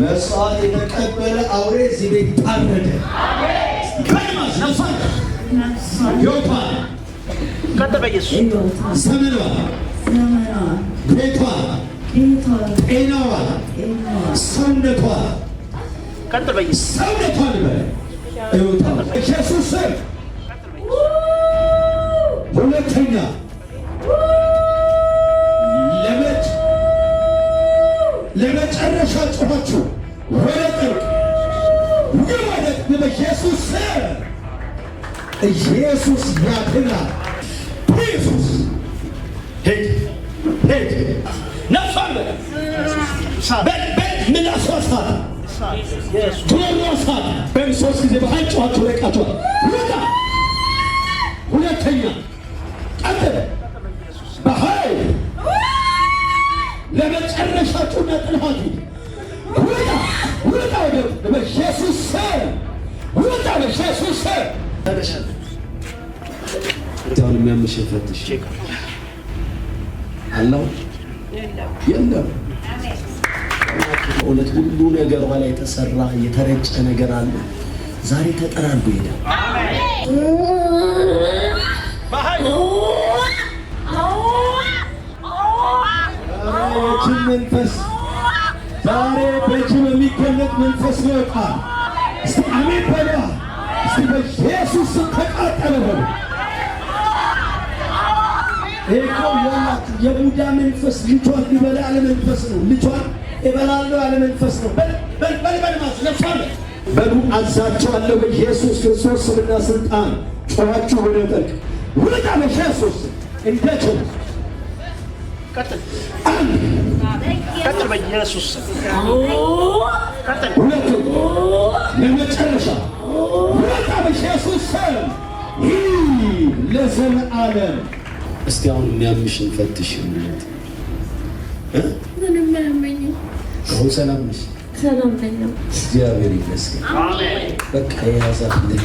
መስዋዕት የተቀበለ አውሬ እዚህ ቤት ታረደ። ዘመኗ፣ ጤናዋ፣ ሰውነቷ ሰውነቷ ሁለተኛ ለመጨረሻ ጮኋችሁ ወደ ጥልቅ ይወደቅ በኢየሱስ ኢየሱስ ያድናል። ኢየሱስ ሄድ ሄድ ነፍሷን በል በል ምላሷ ሳት ጉሮሮ ሳት በል ሶስት ጊዜ የመጨረሻችሁ ነጥልሃቱ ውጣ ውጣ በኢየሱስ ውጣ በኢየሱስ አሁን የሚያምሽን ፈትሽ አለው የለም። እውነት ሁሉ ነገሯ ላይ የተሰራ የተረጨ ነገር አለ። ዛሬ ተጠራርጎ ይሄዳል። የረጅም መንፈስ ዛሬ በእጅ በሚገለጥ መንፈስ ነው ይወጣል። እስቲ አሜን በላ። እስቲ በኢየሱስ ስም ተቃጠለ በሉ። ይሄኮ ያላት የቡዳ መንፈስ ልጇን ሊበላ ያለ መንፈስ ነው። ልጇን እበላለሁ ያለ መንፈስ ነው። በልበልበል ማለት በሉ አዛቸዋለሁ። በኢየሱስ ክርስቶስ ስምና ስልጣን ጮኻችሁ ወደ ጠልቅ ውልጣ በኢየሱስ እንደ ቀጥል በኢየሱስ ሁለቱም ለመጨረሻ ወጣ ለዘለዓለም። እስቲ አሁን የሚያምሽን ፈትሽ። ምንም ሰላም ነሽ? እግዚአብሔር ይመስገን። በቃ የያዛት ልቅ